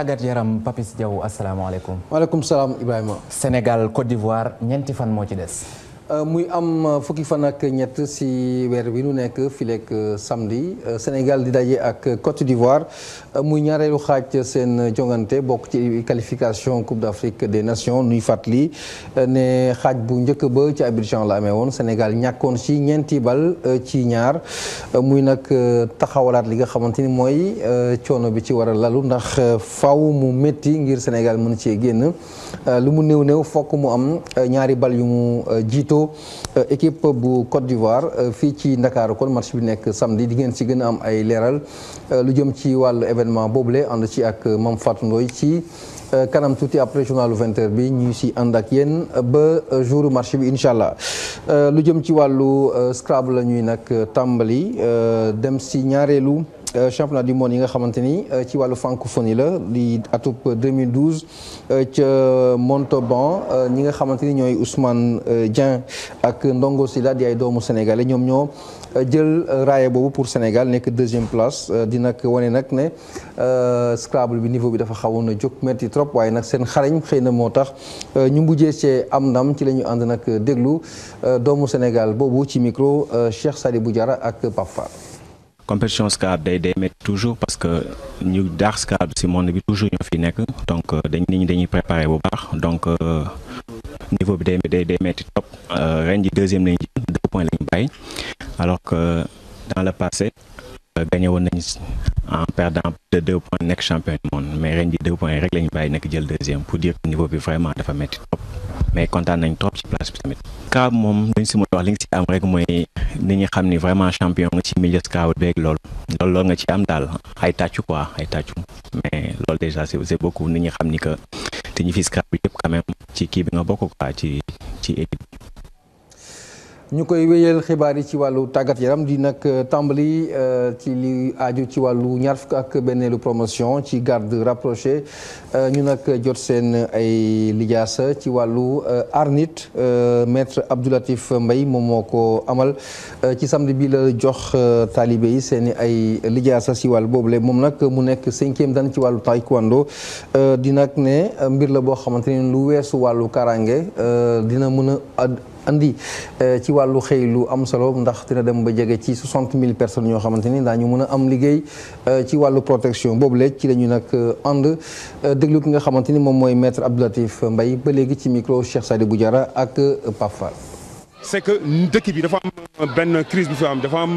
tàggat yaram Papis Diaw asalaamaaleykum. waaleykum salaam Ibrahima. Sénégal Côte d'Ivoire ñeenti fan moo ci des. Euh, muy am euh, fukki fan ak ñett si weer bi nu nekk fileek euh, samdi Sénégal di daje ak Côte d'Ivoire muy ñaareelu xaaj seen jongante bokk ci qualification Coupe d'Afrique des Nations nuy fàttali ne xaaj bu njëkk ba ci Abidjan la amee woon Sénégal ñàkkoon si ñeenti bal ci ñaar muy nag taxawalaat li nga xamante ni mooy coono bi ci wara lalu ndax faw mu metti ngir Sénégal mën cee génn lu mu néew néew fokk mu am ñaari bal yu mu jiitoo Guesso euh, équipe bu Côte d'Ivoire euh, fii ci Ndakaaru kon match bi nekk samedi di ngeen si gën am ay leeral euh, lu jëm ci wàll événement boobu la ànd ci ak Mame Fatou Ndoye ci kanam tuuti après journalu 20h bi ñu si ànd ak yéen ba jour marché bi incha allah lu jëm ci wàllu Scrabble la ñuy nag tàmbali dem si ñaareelu. Euh, championnat du monde yi nga xamante ni euh, ci wàllu francophonie la li atub 2012 euh, ca Montauban ñi nga xamante ni ñooy Ousmane Dieng ak Ndongo Sylla di ay doomu sénégalais ñoom ñoo jël raaya boobu pour Sénégal nekk deuxième place di wane nag ne Scrabble bi niveau bi dafa xawoon na jóg metti trop waaye nag seen xarañ xëy na moo tax ñu mujjee cee am ndam ci lañu ànd nag déglu doomu Sénégal boobu ci micro Cheikh Sadibou Diarra ak Pape compétition SCAB day day métti toujours parce que ñu daax SCAB si monde bi toujours ñoo fi nekk donc euh, dañ nit ñi dañuy préparé bu baax donc euh, niveau bi day day day métti top euh, ren ji deuxième lañu jël deux points lañu bàyyi alors que dans le passé gagné woon nañ en perdant de deux points nekk champion du monde mais ren ji deux points rek lañu bàyyi nekk jël deuxième pour dire que niveau bi vraiment dafa métti top mais kontaan nañ trop ci place bi tamit. Ka moom dañ si mën wax li si am rek mooy ni ñu xam ni vraiment champion nga ci milieu scout beeg lool loolu loolu nga ci am daal ay tàccu quoi ay tàccu mais loolu déjà c'est beaucoup ni ñu xam ni que te ñu fi scout yëpp quand ci kii bi nga bokk quoi ci ci équipe ñu koy wéyal xibaar yi ci wàllu tàggat yaram di nag euh, tàmbali euh, ci li aju ci wàllu ñaar fukk ak benneelu promotion ci garde rapproché euh, ñu nag jot seen ay lijaasa ci wàllu arnit maître Abdoulatif mbay moom moo ko amal ci samedi bi la jox taalibe yi seen ay lijaasa si boobu boobule moom nag mu nekk cinquième dan ci wàllu taekwondo di nag ne mbir la boo xamante ni lu weesu wàllu karange dina mën a andi euh, ci wàllu xëy lu am solo ndax dina dem ba jege ci 60 000 personnes ñoo xamante ni daañu mën a am liggéey euh, ci wàllu protection boobu léegi ci la ñu nag euh, ànd déglu ki nga xamante ni moom mooy maître Abdoulatif Mbaye ba léegi ci micro Cheikh Sadibou Diarra ak Pape Fall. c'est que dëkk bi dafa am benn crise bu fi am dafa am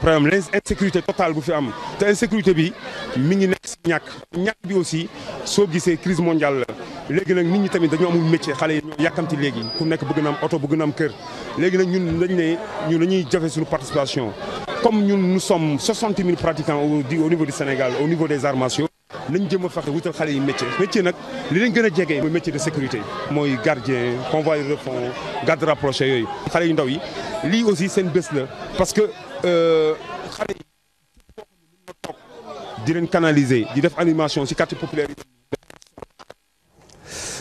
problème l'insécurité totale bu fi am te insécurité bi mi ngi ñàkk ñàkk bi aussi soo gisee crise mondiale la léegi nag nit ñi tamit dañoo amul métier xale yi ñoo yàkkamti léegi ku nekk bëgg na am oto bëgg na am kër léegi nag ñun dañ ne ñun participation comme ñun nous sommes soixante mille pratiquants au niveau du Sénégal au niveau des arts martiaux nañ jëm a fexe wutal xale yi métier métier nag li leen gën a jege mooy métier de sécurité mooy gardien convoyeur de fond garde rapproché yooyu xale yu ndaw yi lii aussi seen bés la parce euh, di leen canaliser di def animation ci quartier populaire yi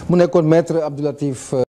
mu nekkoon maître Abdou Latif euh,